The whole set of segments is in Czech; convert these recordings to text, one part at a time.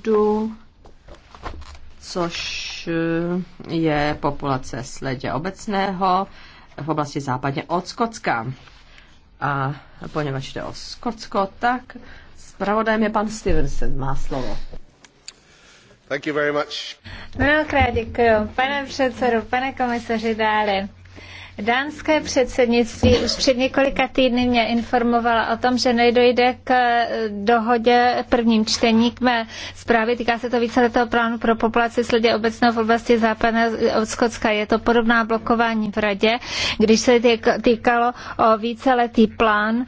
Čadu, což eh, je populace sledě obecného v oblasti západně od Skotska. A poněvadž jde o Skotsko, tak zpravodajem je pan Stevenson, má slovo. Thank you very much. Mnohokrát děkuji, pane předsedu, pane komisaři Dáli. Dánské předsednictví už před několika týdny mě informovala o tom, že nedojde k eh, dohodě prvním čtení k mé zprávě. Týká se to víceletého plánu pro populaci sledě obecného v oblasti západního od Skotska. Je to podobná blokování v radě, když se týkalo o víceletý plán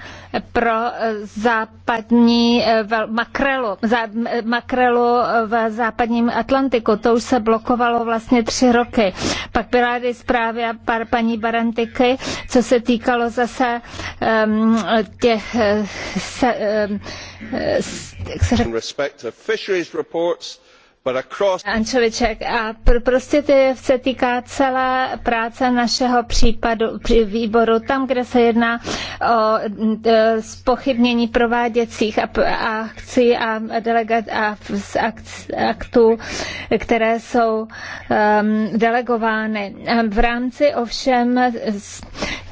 pro eh, západní eh, makrelu, makrelu v západním Atlantiku. To už se blokovalo vlastně tři roky. Pak byla tady a pár paní Baran Atlantiky, co se týkalo zase um, těch eh, se, um, ehm, eh, se, jak se řek... Ančoviček, a pr- prostě to se týká celé práce našeho případu při výboru, tam, kde se jedná o e, spochybnění prováděcích a, a akcí a, delegat, a aktů, které jsou um, delegovány. V rámci ovšem z, z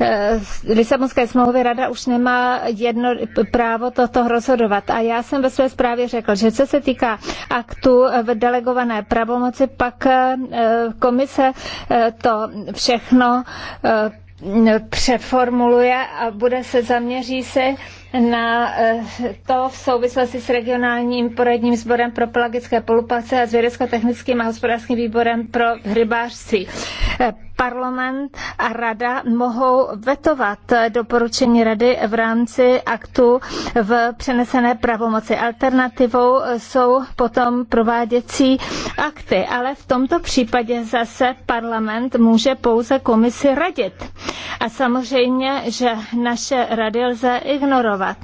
e, Lisabonské smlouvy rada už nemá jedno právo toto rozhodovat. A já jsem ve své zprávě řekl, že co se týká aktu v delegované pravomoci, pak eh, komise eh, to všechno eh, přeformuluje a bude se zaměří se na eh, to v souvislosti s regionálním poradním sborem pro pelagické polupace a s vědecko-technickým a hospodářským výborem pro rybářství. Eh, parlament a rada mohou vetovat doporučení rady v rámci aktu v přenesené pravomoci. Alternativou jsou potom prováděcí akty, ale v tomto případě zase parlament může pouze komisi radit. A samozřejmě, že naše rady lze ignorovat blokovat.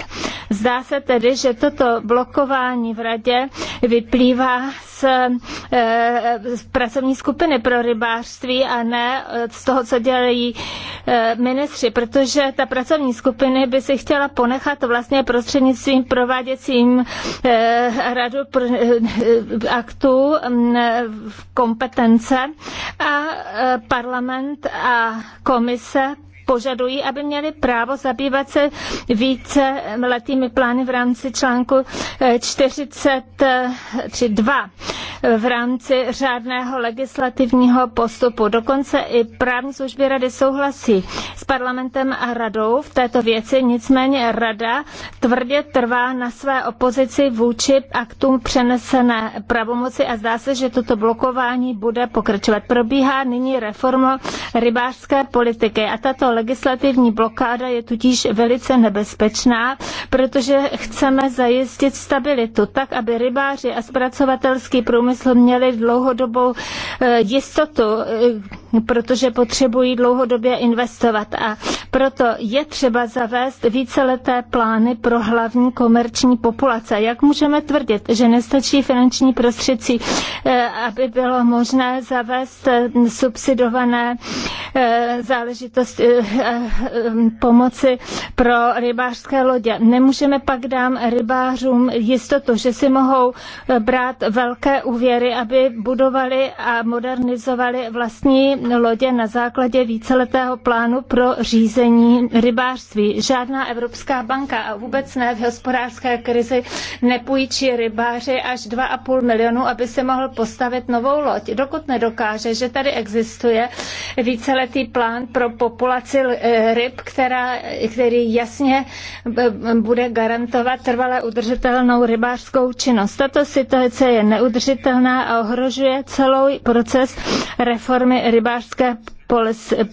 Zdá se tedy, že toto blokování v radě vyplývá z, eh, z pracovní skupiny pro rybářství a ne eh, z toho, co dělají eh, ministři, protože ta pracovní skupiny by si chtěla ponechat vlastně prostřednictvím prováděcím radu aktů mm, kompetence a parlament a komise požadují, aby měli právo zabývat se více letými plány v rámci článku 43.2 eh, eh, v rámci řádného legislativního postupu. Dokonce i právní služby rady souhlasí s parlamentem a radou v této věci, nicméně rada tvrdě trvá na své opozici vůči aktům přenesené pravomoci a zdá se, že toto blokování bude pokračovat. Probíhá nyní reforma rybářské politiky a tato legislativní blokáda je tudíž velice nebezpečná, protože chceme zajistit stabilitu tak, aby rybáři a zpracovatelský průmysl měli dlouhodobou eh, jistotu, eh, protože potřebují dlouhodobě investovat. A proto je třeba zavést víceleté plány pro hlavní komerční populace. Jak můžeme tvrdit, že nestačí finanční prostředí, eh, aby bylo možné zavést subsidované záležitosti Eh, pomoci pro rybářské lodě. Nemůžeme pak dám rybářům jistotu, že si mohou eh, brát velké úvěry, aby budovali a modernizovali vlastní lodě na základě víceletého plánu pro řízení rybářství. Žádná Evropská banka a vůbec ne v hospodářské krizi nepůjčí rybáři až 2,5 milionu, aby se mohl postavit novou loď. Dokud nedokáže, že tady existuje víceletý plán pro populaci styl eh, ryb, která, který jasně eh, bude garantovat trvale udržitelnou rybářskou činnost. Tato situace je neudržitelná a ohrožuje celý proces reformy rybářské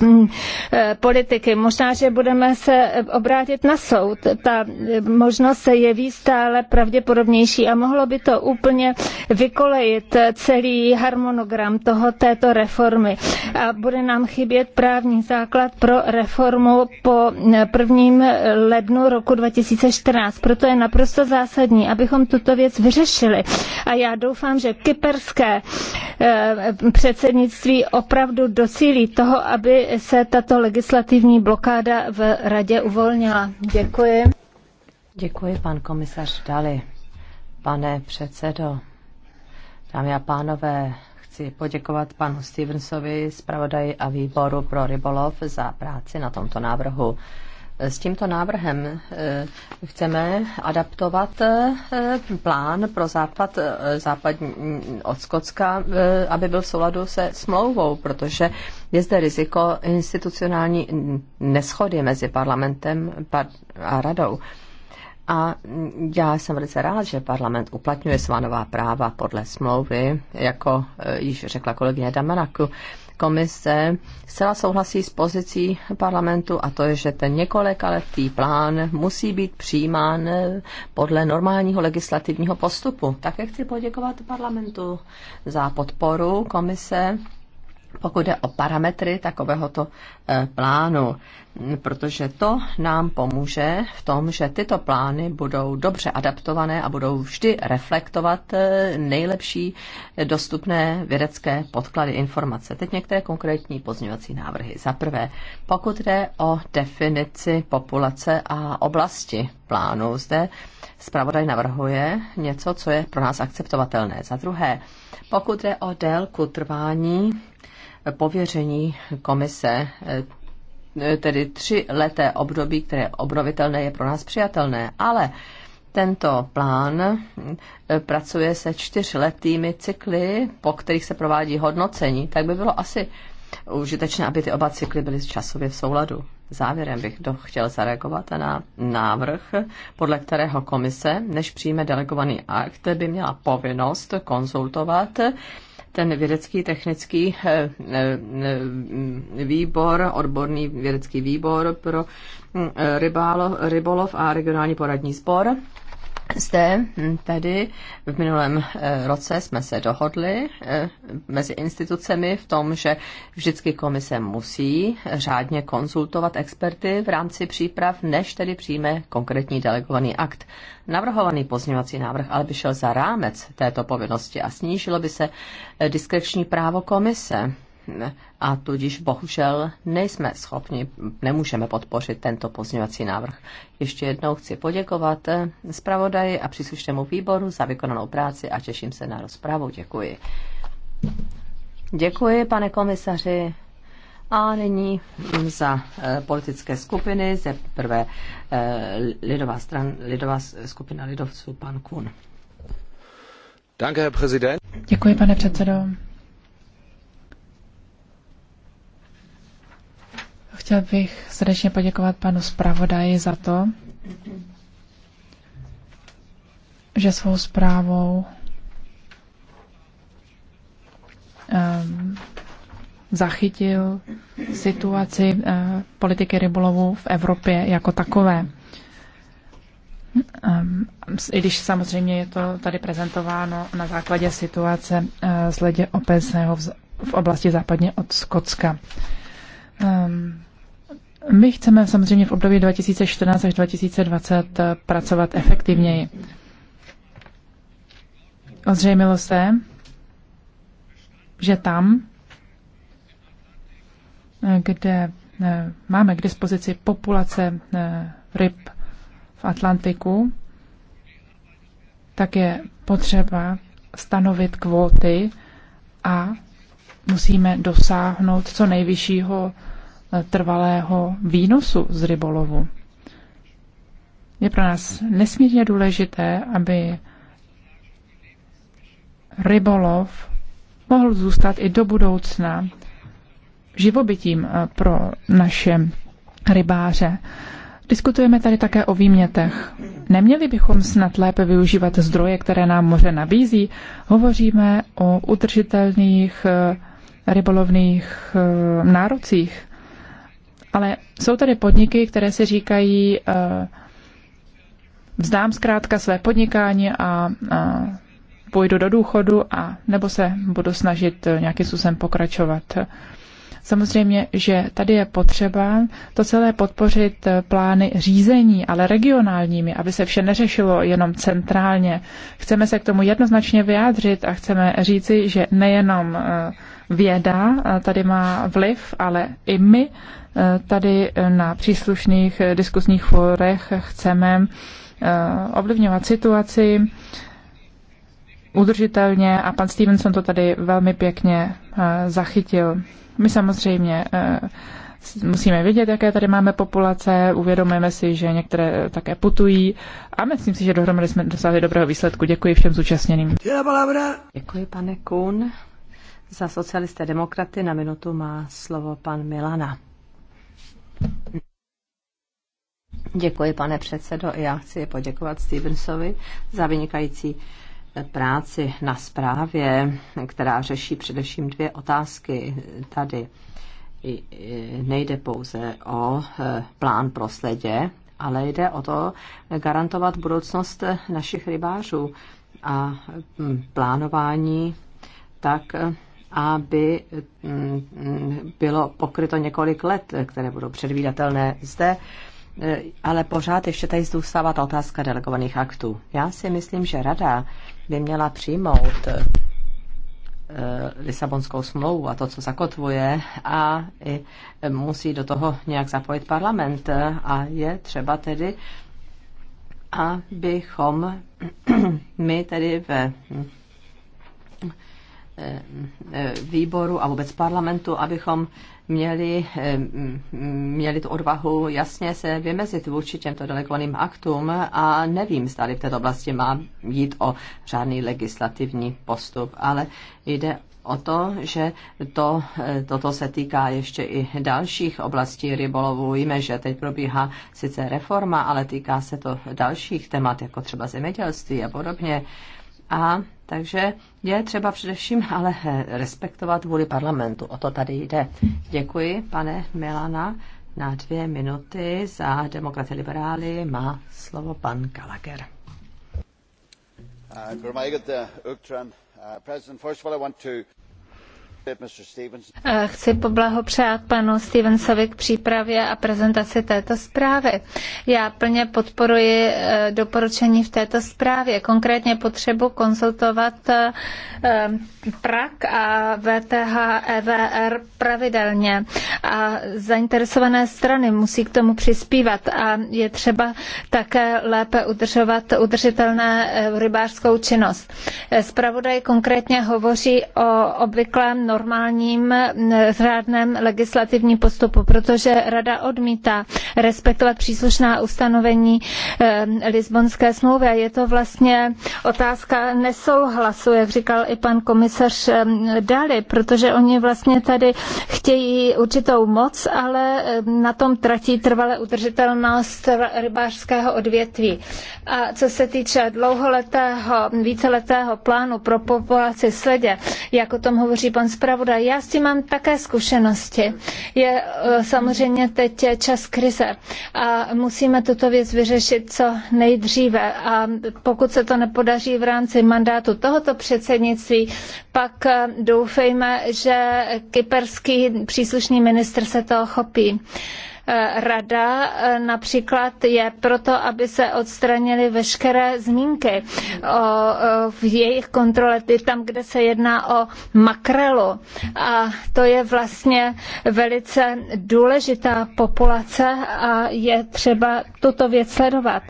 Mm, eh, politiky. Možná, že budeme se obrátit na soud. Ta eh, možnost se jeví stále pravděpodobnější a mohlo by to úplně vykolejit celý harmonogram toho, této reformy. A bude nám chybět právní základ pro reformu po eh, prvním lednu roku 2014. Proto je naprosto zásadní, abychom tuto věc vyřešili. A já doufám, že kyperské předsednictví opravdu docílí toho, toho, aby se tato legislativní blokáda v radě uvolnila. Děkuji. Děkuji, pan komisař Dali. Pane předsedo, dámy a pánové, chci poděkovat panu Stevensovi, zpravodaji a výboru pro rybolov za práci na tomto návrhu. S tímto návrhem eh, chceme adaptovat eh, plán pro západ, eh, západ mm, od Skocka, aby byl v souladu se smlouvou, protože je zde riziko institucionální neschody mezi parlamentem a radou. A já jsem velice rád, že parlament uplatňuje svá nová práva podle smlouvy, jako již řekla kolegyně Damanaku komise zcela souhlasí s pozicí parlamentu a to je, že ten několikaletý plán musí být přijímán podle normálního legislativního postupu. Také chci poděkovat parlamentu za podporu komise pokud jde o parametry takovéhoto eh, plánu, protože to nám pomůže v tom, že tyto plány budou dobře adaptované a budou vždy reflektovat eh, nejlepší dostupné vědecké podklady informace. Teď některé konkrétní pozměňovací návrhy. Za prvé, pokud jde o definici populace a oblasti plánu, zde zpravodaj navrhuje něco, co je pro nás akceptovatelné. Za druhé, pokud jde o délku trvání pověření komise eh, tedy tři leté období, které je obnovitelné, je pro nás přijatelné, ale tento plán eh, pracuje se čtyřletými cykly, po kterých se provádí hodnocení, tak by bylo asi užitečné, aby ty oba cykly byly časově v souladu. Závěrem bych do, chtěl zareagovat na návrh, podle kterého komise, než přijme delegovaný akt, by měla povinnost konzultovat ten vědecký technický eh, eh, výbor, odborný vědecký výbor pro mm, eh, rybálo, rybolov a regionální poradní spor. Zde hm, tedy v minulém eh, roce jsme se dohodli eh, mezi institucemi v tom, že vždycky komise musí řádně konzultovat experty v rámci příprav, než tedy přijme konkrétní delegovaný akt. Navrhovaný pozměňovací návrh ale by šel za rámec této povinnosti a snížilo by se eh, diskreční právo komise a tudíž bohužel nejsme schopni, nemůžeme podpořit tento pozměňovací návrh. Ještě jednou chci poděkovat eh, zpravodaji a příslušnému výboru za vykonanou práci a těším se na rozpravu. Děkuji. Děkuji, pane komisaři. A nyní za eh, politické skupiny, ze prvé eh, lidová, stran, lidová skupina lidovců, pan Kun. Děkuji, pane předsedo. Chtěl bych srdečně poděkovat panu zpravodaji za to, že svou zprávou um, zachytil situaci uh, politiky rybolovu v Evropě jako takové. Um, I když samozřejmě je to tady prezentováno na základě situace uh, z hledě obecného v, v oblasti západně od Skotska. Um, my chceme samozřejmě v období 2014 až 2020 pracovat efektivněji. Ozřejmilo se, že tam, kde eh, máme k dispozici populace eh, ryb v Atlantiku, tak je potřeba stanovit kvóty a musíme dosáhnout co nejvyššího trvalého výnosu z rybolovu. Je pro nás nesmírně důležité, aby rybolov mohl zůstat i do budoucna živobytím eh, pro naše rybáře. Diskutujeme tady také o výmětech. Neměli bychom snad lépe využívat zdroje, které nám moře nabízí. Hovoříme o udržitelných eh, rybolovných eh, nárocích. Ale jsou tady podniky, které si říkají, eh, vzdám zkrátka své podnikání a půjdu do důchodu a nebo se budu snažit eh, nějakým způsobem pokračovat. Samozřejmě, že tady je potřeba to celé podpořit eh, plány řízení, ale regionálními, aby se vše neřešilo jenom centrálně. Chceme se k tomu jednoznačně vyjádřit a chceme říci, že nejenom Věda tady má vliv, ale i my e, tady na příslušných diskusních fórech chceme e, ovlivňovat situaci udržitelně a pan Stevenson to tady velmi pěkně e, zachytil. My samozřejmě musíme vědět, jaké tady máme populace, uvědomujeme si, že některé také putují a myslím si, že dohromady jsme dosáhli dobrého výsledku. Děkuji všem zúčastněným. Děkuji, pane Kuhn. Za socialisté demokraty na minutu má slovo pan Milana. Děkuji, pane předsedo. Já chci poděkovat Stevensovi za vynikající práci na zprávě, která řeší především dvě otázky tady. Nejde pouze o e, plán pro sledě, ale jde o to garantovat budoucnost našich rybářů a plánování tak, aby mm, bylo pokryto několik let, které budou předvídatelné zde. Eh, ale pořád ještě tady zůstává ta otázka delegovaných aktů. Já si myslím, že rada by měla přijmout eh, Lisabonskou smlouvu a to, co zakotvuje a eh, musí do toho nějak zapojit parlament a je třeba tedy, abychom my tedy ve Eh, výboru a vůbec parlamentu, abychom měli, eh, měli tu odvahu jasně se vymezit vůči těmto delegovaným aktům a nevím, zda v této oblasti má jít o žádný legislativní postup, ale jde o to, že to, eh, toto se týká ještě i dalších oblastí rybolovu. Víme, že teď probíhá sice reforma, ale týká se to dalších témat jako třeba zemědělství a podobně. A takže je třeba především ale respektovat vůli parlamentu. O to tady jde. Děkuji, pane Milana. Na dvě minuty za demokraty liberály má slovo pan Gallagher. Uh, Chci poblahopřát panu Stevensovi k přípravě a prezentaci této zprávy. Já plně podporuji eh, doporučení v této zprávě, konkrétně potřebu konzultovat eh, PRAK a VTH EVR pravidelně a zainteresované strany musí k tomu přispívat a je třeba také lépe udržovat udržitelné eh, rybářskou činnost. Spravodaj konkrétně hovoří o obvyklém normálním řádném legislativním postupu, protože Rada odmítá respektovat příslušná ustanovení eh, Lisbonské smlouvy. A je to vlastně otázka nesouhlasu, jak říkal i pan komisař eh, Dali, protože oni vlastně tady chtějí určitou moc, ale eh, na tom tratí trvale udržitelnost rybářského odvětví. A co se týče dlouholetého, víceletého plánu pro populaci sledě, jak o tom hovoří pan zpravodaj. Já s tím mám také zkušenosti. Je eh, samozřejmě teď čas krize a musíme tuto věc vyřešit co nejdříve. A pokud se to nepodaří v rámci mandátu tohoto předsednictví, pak eh, doufejme, že kyperský příslušný ministr se toho chopí. Uh, Eh, rada eh, například je proto, aby se odstranily veškeré zmínky o eh, v jejich kontrole tam, kde se jedná o makrelu. A to je vlastně velice důležitá populace a je třeba tuto věc sledovat.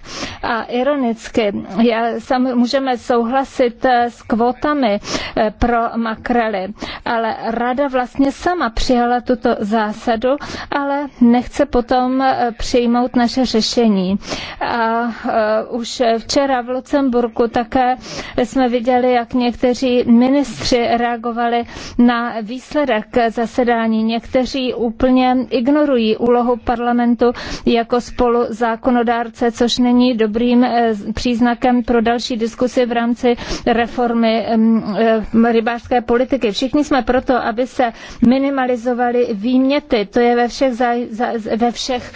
A ironicky, já sam, můžeme souhlasit s kvotami pro makrely, ale rada vlastně sama přijala tuto zásadu, ale nechce se potom eh, přijmout naše řešení. A eh, už včera v Lucemburku také jsme viděli, jak někteří ministři reagovali na výsledek zasedání. Někteří úplně ignorují úlohu parlamentu jako spolu zákonodárce, což není dobrým eh, příznakem pro další diskusy v rámci reformy mm, rybářské politiky. Všichni jsme proto, aby se minimalizovaly výměty. To je ve všech zá, zá, ve všech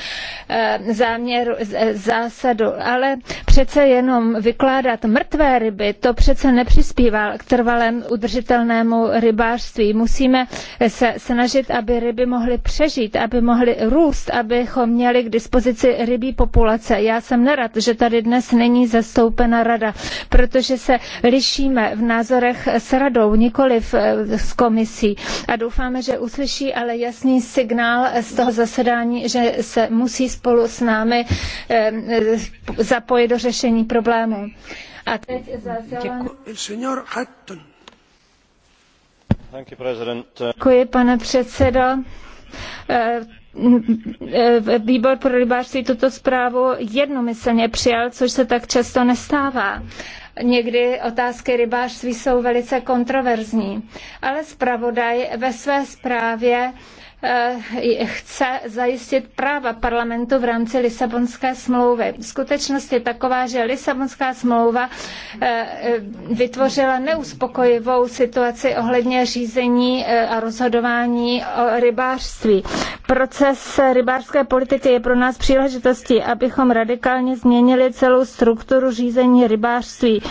eh, zásadách, eh, zásadu, ale přece jenom vykládat mrtvé ryby, to přece nepřispívá k trvalém udržitelnému rybářství. Musíme se snažit, aby ryby mohly přežít, aby mohly růst, abychom měli k dispozici rybí populace. Já jsem nerad, že tady dnes není zastoupena rada, protože se lišíme v názorech s radou, nikoliv eh, s komisí. A doufáme, že uslyší ale jasný signál z toho zasedání, že se musí spolu s námi zapojit do řešení problému. A teď za Děkuji, pane předsedo eh, eh, výbor pro rybářství tuto zprávu jednomyslně přijal, což se tak často nestává. Někdy otázky rybářství jsou velice kontroverzní, ale zpravodaj ve své zprávě Eh, chce zajistit práva parlamentu v rámci Lisabonské smlouvy. Skutečnost je taková, že Lisabonská smlouva eh, vytvořila neuspokojivou situaci ohledně řízení eh, a rozhodování o rybářství. Proces rybářské politiky je pro nás příležitostí, abychom radikálně změnili celou strukturu řízení rybářství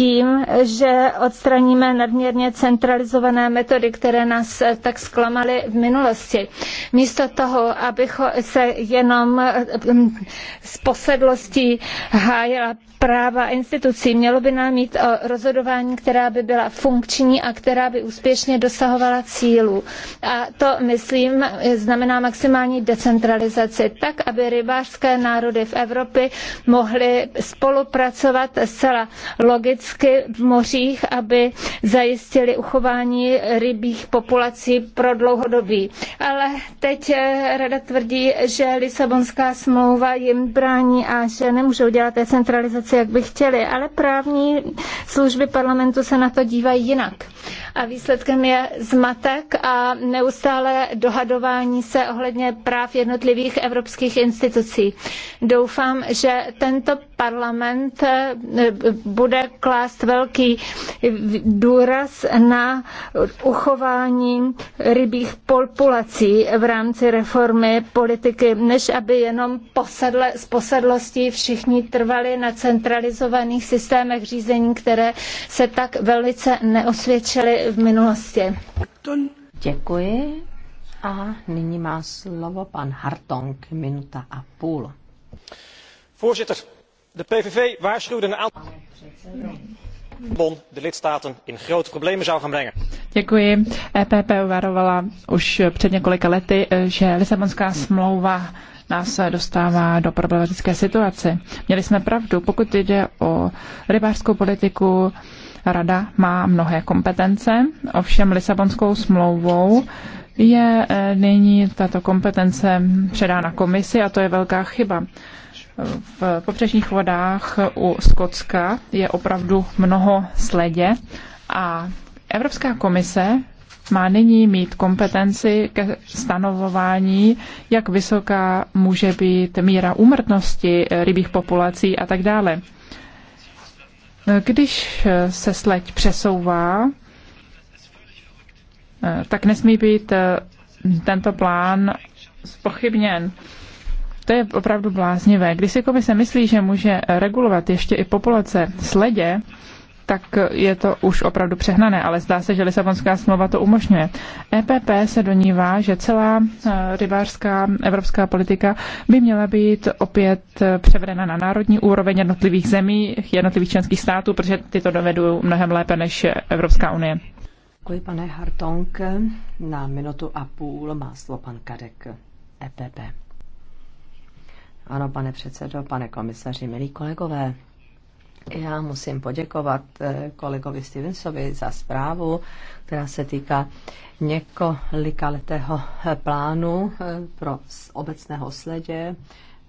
tím, že odstraníme nadměrně centralizované metody, které nás eh, tak zklamaly v minulosti. Místo toho, abych se jenom s eh, mm, posedlostí hájila práva institucí, mělo by nám mít o rozhodování, která by byla funkční a která by úspěšně dosahovala cílů. A to, myslím, znamená maximální decentralizaci, tak, aby rybářské národy v Evropě mohly spolupracovat zcela logicky písky v mořích, aby zajistili uchování rybích populací pro dlouhodobí. Ale teď eh, rada tvrdí, že Lisabonská smlouva jim brání a že nemůžou dělat decentralizaci, jak by chtěli, ale právní služby parlamentu se na to dívají jinak. A výsledkem je zmatek a neustále dohadování se ohledně práv jednotlivých evropských institucí. Doufám, že tento parlament eh, bude klást velký důraz na uchování rybích populací v rámci reformy politiky, než aby jenom posedle, z posedlostí všichni trvali na centralizovaných systémech řízení, které se tak velice neosvědčily v minulosti. Děkuji. A nyní má slovo pan Hartong, minuta a půl. Voorzitter, de pvv waarschuwde een aantal bon de lidstaten in grote problemen zou gaan brengen. Děkuji. EPP varovala už před několika lety, že Lisabonská smlouva nás dostává do problematické situace. Měli jsme pravdu, pokud jde o rybářskou politiku, Rada má mnohé kompetence, ovšem Lisabonskou smlouvou je e, nyní tato kompetence předána komisi a to je velká chyba v pobřežních vodách u Skotska je opravdu mnoho sledě a Evropská komise má nyní mít kompetenci ke stanovování, jak vysoká může být míra úmrtnosti rybích populací a tak dále. Když se sleď přesouvá, tak nesmí být tento plán spochybněn. To je opravdu bláznivé. Když si komise myslí, že může regulovat ještě i populace sledě, tak je to už opravdu přehnané, ale zdá se, že Lisabonská smlouva to umožňuje. EPP se donívá, že celá eh, rybářská evropská politika by měla být opět eh, převedena na národní úroveň jednotlivých zemí, jednotlivých členských států, protože ty to dovedou mnohem lépe než Evropská unie. Děkuji, pane Hartong. Na minutu a půl má slovo pan Kadek, EPP. Ano, pane předsedo, pane komisaři, milí kolegové. Já musím poděkovat eh, kolegovi Stevensovi za zprávu, která se týká několikaletého eh, plánu eh, pro obecného sledě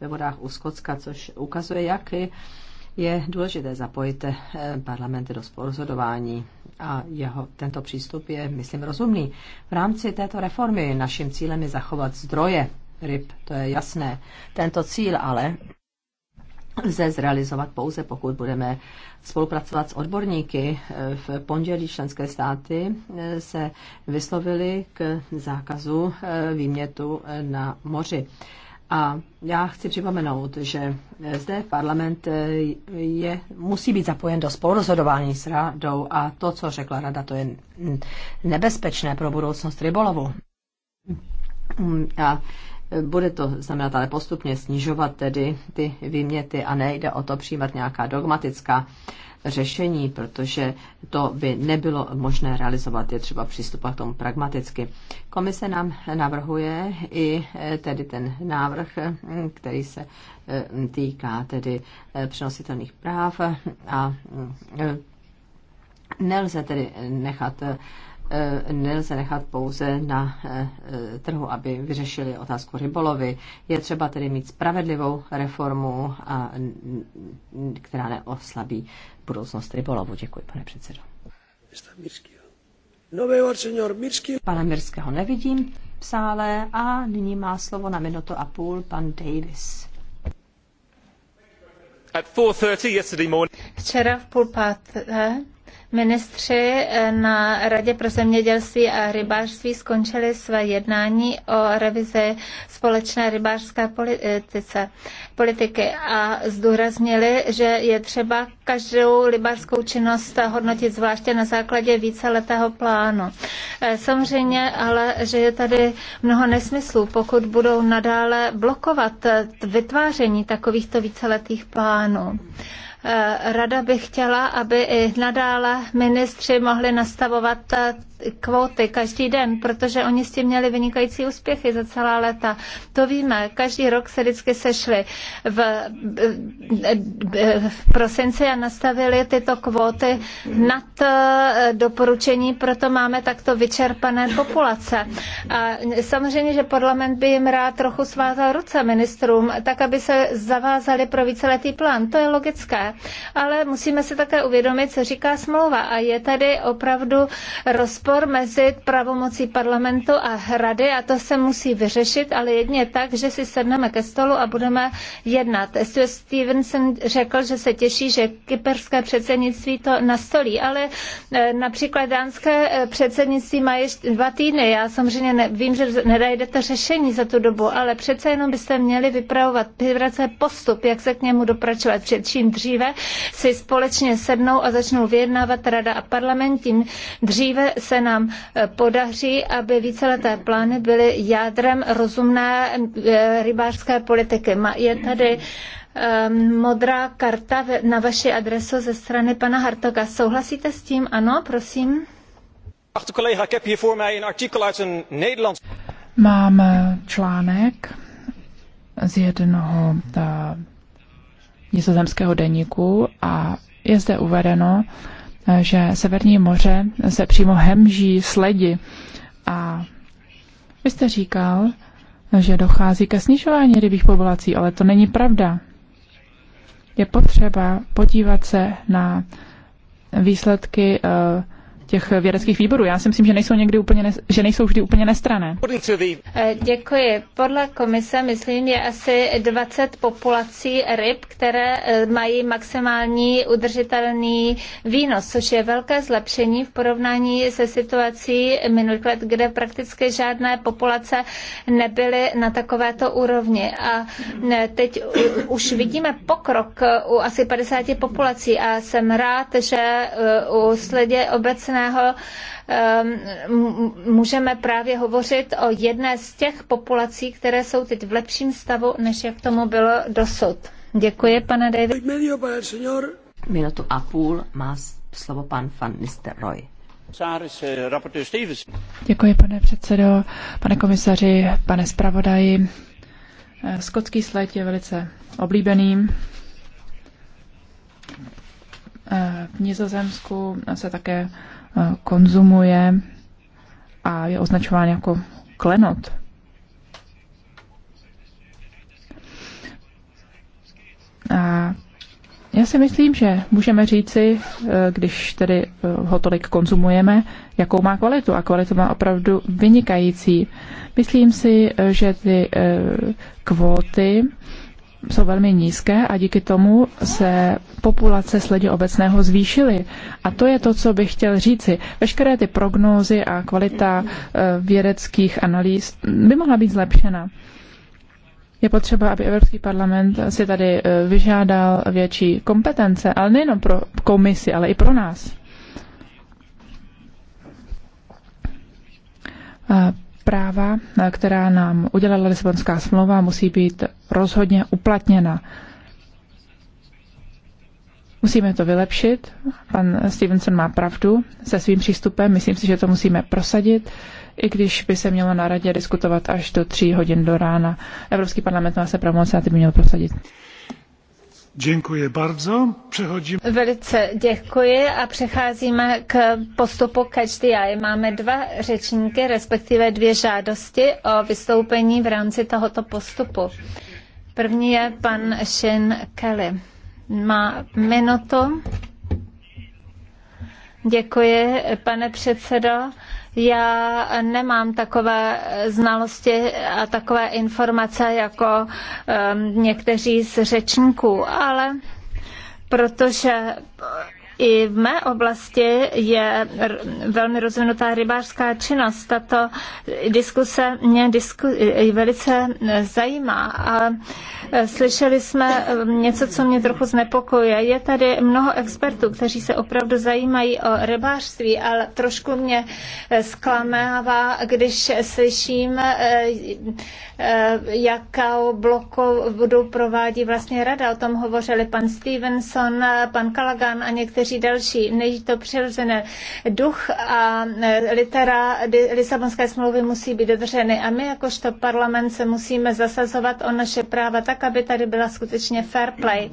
ve vodách u Skocka, což ukazuje, jak je důležité zapojit Parlament do sporozhodování a jeho, tento přístup je, myslím, rozumný. V rámci této reformy naším cílem je zachovat zdroje ryb, to je jasné. Tento cíl ale lze zrealizovat pouze, pokud budeme spolupracovat s odborníky. V pondělí členské státy eh, se vyslovili k zákazu eh, výmětu eh, na moři. A já chci připomenout, že zde parlament je, musí být zapojen do spolurozhodování s radou a to, co řekla rada, to je nebezpečné pro budoucnost rybolovu. Mm, a bude to znamenat ale postupně snižovat tedy ty výměty a nejde o to přijímat nějaká dogmatická řešení, protože to by nebylo možné realizovat, je třeba přistupovat k tomu pragmaticky. Komise nám navrhuje i eh, tedy ten návrh, hm, který se eh, týká tedy eh, přenositelných práv a hm, nelze tedy nechat E, nelze nechat pouze na e, e, trhu, aby vyřešili otázku rybolovy. Je třeba tedy mít spravedlivou reformu, a, která neoslabí budoucnost rybolovu. Děkuji, pane předsedo. No, Pana Mirského nevidím v sále a nyní má slovo na minutu a půl pan Davis. Včera v půl páté Ministři eh, na Radě pro zemědělství a rybářství skončili své jednání o revizi společné rybářské politice, politiky a zdůraznili, že je třeba každou rybářskou činnost hodnotit zvláště na základě víceletého plánu. Eh, samozřejmě ale, že je tady mnoho nesmyslů, pokud budou nadále blokovat eh, vytváření takovýchto víceletých plánů. Eh, rada by chtěla, aby i nadále ministři mohli nastavovat eh, kvóty každý den, protože oni s tím měli vynikající úspěchy za celá léta. To víme, každý rok se vždycky sešli v, v prosinci a nastavili tyto kvóty nad eh, doporučení, proto máme takto vyčerpané populace. A samozřejmě, že parlament by jim rád trochu svázal ruce ministrům, tak aby se zavázali pro víceletý plán. To je logické. Ale musíme si také uvědomit, co říká smlouva. A je tady opravdu rozpor rozpor mezi pravomocí parlamentu a rady a to se musí vyřešit, ale jedně tak, že si sedneme ke stolu a budeme jednat. Stuart Stevenson řekl, že se těší, že kyperské předsednictví to nastolí, ale eh, například dánské eh, předsednictví má ještě dva týdny. Já samozřejmě ne, vím, že to řešení za tu dobu, ale přece jenom byste měli vypravovat vyvrace postup, jak se k němu dopračovat. Před čím dříve si společně sednou a začnou vyjednávat rada a parlament, tím dříve se nám eh, podaří, aby víceleté plány byly jádrem rozumné eh, rybářské politiky. Je tady ehm, modrá karta na vaši adresu ze strany pana Hartoga. Souhlasíte s tím? Ano, prosím. Mám eh, článek z jednoho nizozemského deníku a je zde uvedeno, že Severní moře se přímo hemží ledi. A vy jste říkal, že dochází ke snižování rybích populací, ale to není pravda. Je potřeba podívat se na výsledky uh, těch vědeckých výborů. Já si myslím, že nejsou, někdy úplně ne, že nejsou vždy úplně nestrané. Děkuji. Podle komise, myslím, je asi 20 populací ryb, které eh, mají maximální udržitelný výnos, což je velké zlepšení v porovnání se situací minulých let, kde prakticky žádné populace nebyly na takovéto úrovni. A teď už vidíme pokrok u asi 50 populací a jsem rád, že eh, u sledě obecné podobného ehm, můžeme právě hovořit o jedné z těch populací, které jsou teď v lepším stavu, než jak tomu bylo dosud. Děkuji, pane David. Minutu a půl má slovo pan van Nistelrooy. Děkuji, pane předsedo, pane komisaři, pane zpravodaji. Eh, skotský sled je velice oblíbeným. Eh, v Nizozemsku se také konzumuje a je označován jako klenot. A já si myslím, že můžeme říci, eh, když tedy eh, ho tolik konzumujeme, jakou má kvalitu. A kvalitu má opravdu vynikající. Myslím si, eh, že ty kvóty jsou velmi nízké a díky tomu se populace sledě obecného zvýšily. A to je to, co bych chtěl říci. Veškeré ty prognózy a kvalita eh, vědeckých analýz by mohla být zlepšena. Je potřeba, aby Evropský parlament si tady eh, vyžádal větší kompetence, ale nejenom pro komisi, ale i pro nás práva, eh, která nám udělala Lisabonská smlouva, musí být rozhodně uplatněna. Musíme to vylepšit. Pan Stevenson má pravdu se svým přístupem. Myslím si, že to musíme prosadit, i když by se mělo na radě diskutovat až do tří hodin do rána. Evropský parlament má se pravomoc a ty by měl prosadit. Děkuji bardzo. Velice děkuji a přecházíme k postupu Catch Máme dva řečníky, respektive dvě žádosti o vystoupení v rámci tohoto postupu. První je pan Shin Kelly. Má minutu. Děkuji, pane předsedo. Já nemám takové znalosti a takové informace jako um, někteří z řečníků, ale protože i v mé oblasti je velmi rozvinutá rybářská činnost. Tato diskuse mě disku, velice zajímá. A e, slyšeli jsme něco, co mě trochu znepokojuje. Je tady mnoho expertů, kteří se opravdu zajímají o rybářství, ale trošku mě e, zklamává, když slyším, e, jakou bloku budou provádí vlastně rada. O tom hovořili pan Stevenson, pan Kalagan a někteří tvoří další. než to přirozené. Duch a e, litera Lisabonské smlouvy musí být dodrženy a my jakožto parlament se musíme zasazovat o naše práva tak, aby tady byla skutečně fair play.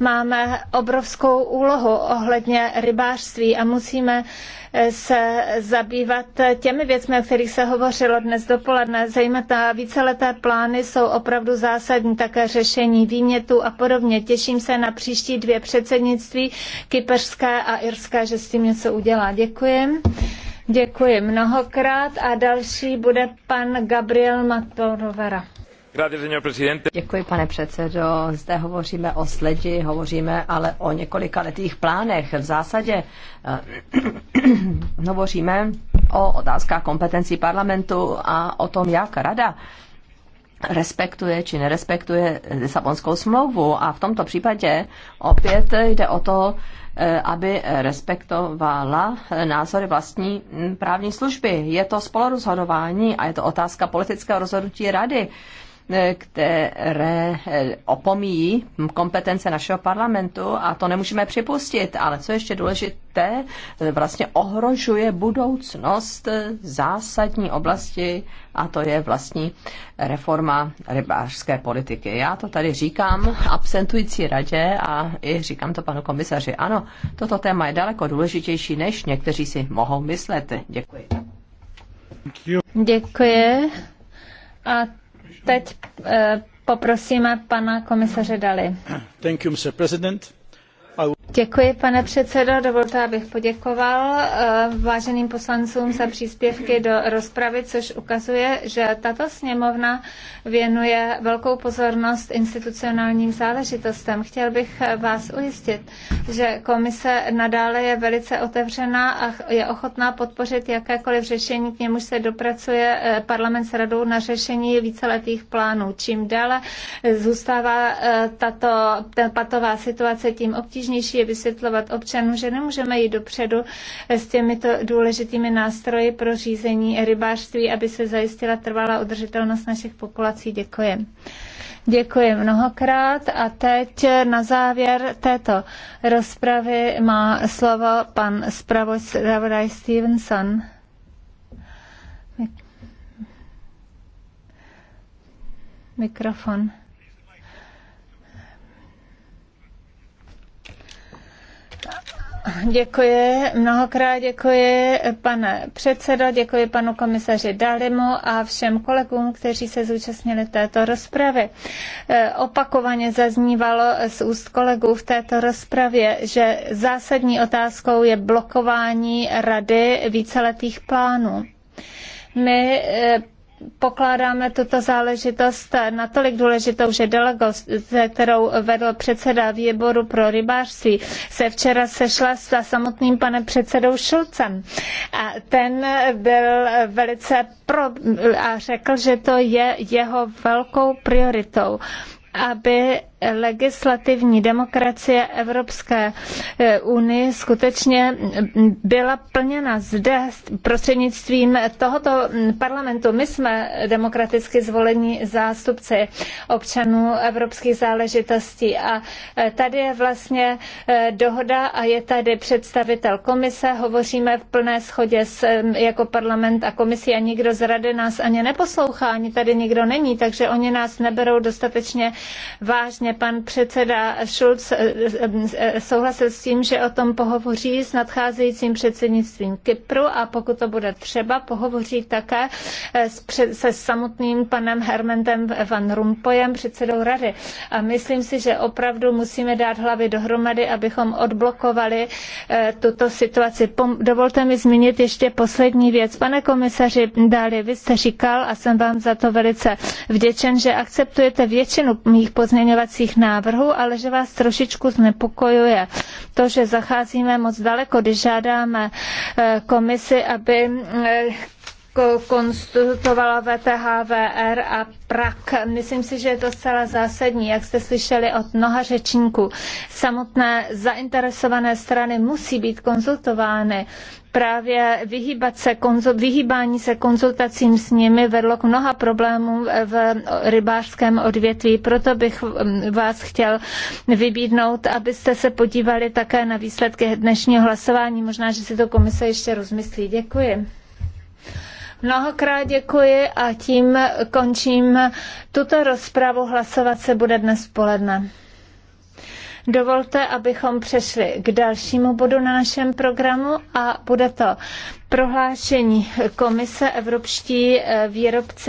Máme obrovskou úlohu ohledně rybářství a musíme se zabývat těmi věcmi, o kterých se hovořilo dnes dopoledne. Zejména víceleté plány jsou opravdu zásadní, také řešení výmětu a podobně. Těším se na příští dvě předsednictví, kyperské a irské, že s tím něco udělá. Děkuji. Děkuji mnohokrát a další bude pan Gabriel Matorovera. Děkuji, pane předsedo. Zde hovoříme o sledi, hovoříme ale o několika letých plánech. V zásadě eh, hovoříme o otázkách kompetencí parlamentu a o tom, jak rada respektuje či nerespektuje Lisabonskou smlouvu. A v tomto případě opět jde o to, eh, aby respektovala názory vlastní právní služby. Je to spolorozhodování a je to otázka politického rozhodnutí rady které eh, opomíjí kompetence našeho parlamentu a to nemůžeme připustit. Ale co ještě důležité, eh, vlastně ohrožuje budoucnost eh, zásadní oblasti a to je vlastní reforma rybářské politiky. Já to tady říkám absentující radě a i říkám to panu komisaři. Ano, toto téma je daleko důležitější, než někteří si mohou myslet. Děkuji. Děkuji. A teď eh, poprosíme pana komisaře Dali. Thank you, Mr. President. Děkuji, pane předsedo. Dovolte, abych poděkoval eh, váženým poslancům za příspěvky do rozpravy, což ukazuje, že tato sněmovna věnuje velkou pozornost institucionálním záležitostem. Chtěl bych vás ujistit, že komise nadále je velice otevřená a je ochotná podpořit jakékoliv řešení, k němuž se dopracuje eh, parlament s radou na řešení víceletých plánů. Čím déle zůstává eh, tato patová situace, tím obtížnější je vysvětlovat občanům, že nemůžeme jít dopředu s těmito důležitými nástroji pro řízení rybářství, aby se zajistila trvalá udržitelnost našich populací. Děkuji. Děkuji mnohokrát a teď na závěr této rozpravy má slovo pan zpravodaj Stevenson. Mikrofon. Děkuji, mnohokrát děkuji pane předsedo, děkuji panu komisaři Dalimu a všem kolegům, kteří se zúčastnili této rozpravy. E, opakovaně zaznívalo z úst kolegů v této rozpravě, že zásadní otázkou je blokování rady víceletých plánů. My e, pokládáme tuto záležitost natolik důležitou, že delegace, kterou vedl předseda výboru pro rybářství, se včera sešla s samotným panem předsedou Šulcem. A ten byl velice pro a řekl, že to je jeho velkou prioritou aby legislativní demokracie Evropské eh, unie skutečně mm, byla plněna zde prostřednictvím tohoto mm, parlamentu. My jsme demokraticky zvolení zástupci občanů evropských záležitostí a eh, tady je vlastně eh, dohoda a je tady představitel komise, hovoříme v plné schodě s, mm, jako parlament a komisí a nikdo z rady nás ani neposlouchá, ani tady nikdo není, takže oni nás neberou dostatečně vážně. Pan předseda Schulz eh, eh, souhlasil s tím, že o tom pohovoří s nadcházejícím předsednictvím Kypru a pokud to bude třeba, pohovoří také eh, se samotným panem Hermentem Van Rumpojem, předsedou rady. A myslím si, že opravdu musíme dát hlavy dohromady, abychom odblokovali tuto situaci. Dovolte mi zmínit ještě poslední věc. Pane komisaři Dali, vy jste říkal a jsem vám za to velice vděčen, že akceptujete většinu mých pozměňovacích návrhů, ale že vás trošičku znepokojuje to, že zacházíme moc daleko, když žádáme eh, komisi, aby eh, konstatovala VTHVR a PRAK. Myslím si, že je to zcela zásadní, jak jste slyšeli od mnoha řečníků. Samotné zainteresované strany musí být konzultovány právě vyhýbat se vyhýbání se konzultacím s nimi vedlo k mnoha problémům v rybářském odvětví. Proto bych mm, vás chtěl vybídnout, abyste se podívali také na výsledky dnešního hlasování. Možná, že si to komise ještě rozmyslí. Děkuji. Mnohokrát děkuji a tím končím tuto rozpravu. Hlasovat se bude dnes poledne. Dovolte, abychom přešli k dalšímu bodu na našem programu a bude to prohlášení Komise Evropští eh, výrobci.